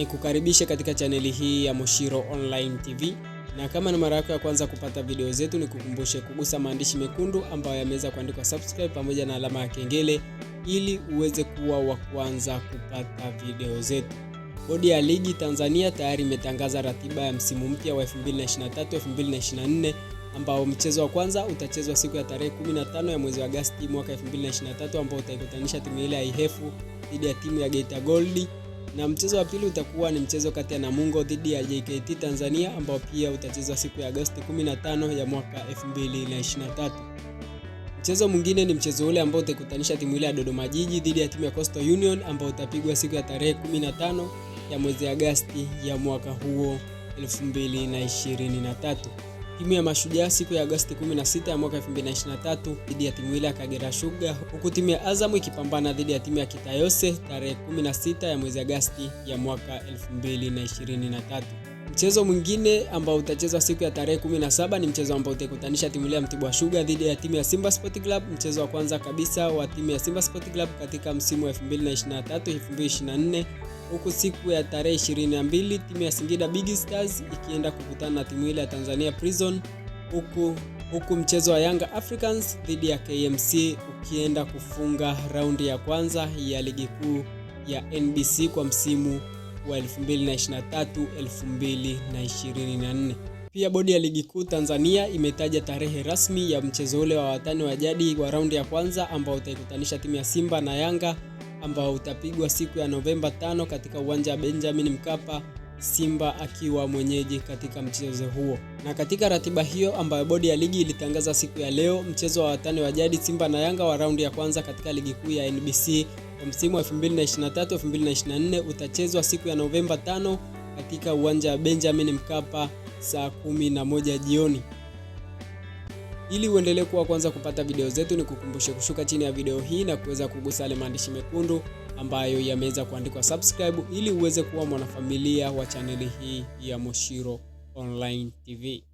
ni kukaribisha katika chaneli hii ya Moshiro Online TV, na kama ni mara yako ya kwanza kupata video zetu, ni kukumbushe kugusa maandishi mekundu ambayo yameweza kuandikwa subscribe pamoja na alama ya kengele ili uweze kuwa wa kwanza kupata video zetu. Bodi ya Ligi Tanzania tayari imetangaza ratiba ya msimu mpya wa 2023-2024 ambao mchezo wa kwanza utachezwa siku ya tarehe 15 ya mwezi wa Agosti mwaka 2023 ambao utaikutanisha timu ile ya Ihefu dhidi ya timu ya Geita Gold na mchezo wa pili utakuwa ni mchezo kati ya Namungo dhidi ya JKT Tanzania ambao pia utachezwa siku ya Agosti 15 ya mwaka 2023. Mchezo mwingine ni mchezo ule ambao utakutanisha timu ile ya Dodoma Jiji dhidi ya timu ya Coastal Union ambao utapigwa siku ya tarehe 15 ya mwezi Agosti ya mwaka huo 2023 timu ya Mashujaa siku ya Agosti 16 ya mwaka 2023 dhidi ya timu ile ya Kagera Sugar, huku timu ya Azamu ikipambana dhidi ya timu ya Kitayose tarehe 16 ya mwezi Agosti ya mwaka 2023. Mchezo mwingine ambao utachezwa siku ya tarehe 17 ni mchezo ambao utaikutanisha timu ile ya Mtibwa Sugar dhidi ya timu ya Simba Sport Club, mchezo wa kwanza kabisa wa timu ya Simba Sport Club katika msimu wa 2023 2024 huku siku ya tarehe 22 timu ya Singida Big Stars ikienda kukutana na timu ile ya Tanzania Prison huku huku mchezo wa Yanga Africans dhidi ya KMC ukienda kufunga raundi ya kwanza ya ligi kuu ya NBC kwa msimu wa 2023 2024. Pia bodi ya ligi kuu Tanzania imetaja tarehe rasmi ya mchezo ule wa watani wa jadi wa raundi ya kwanza ambao utaikutanisha timu ya Simba na Yanga ambao utapigwa siku ya Novemba tano katika uwanja wa Benjamin Mkapa, Simba akiwa mwenyeji katika mchezo huo. Na katika ratiba hiyo ambayo bodi ya ligi ilitangaza siku ya leo, mchezo wa watani wa jadi Simba na Yanga wa raundi ya kwanza katika ligi kuu ya NBC kwa msimu wa 2023-2024 utachezwa siku ya Novemba tano katika uwanja wa Benjamin Mkapa saa 11 jioni. Ili uendelee kuwa kwanza kupata video zetu, ni kukumbushe kushuka chini ya video hii na kuweza kugusa yale maandishi mekundu ambayo yameweza kuandikwa subscribe, ili uweze kuwa mwanafamilia wa chaneli hii ya Moshiro Online TV.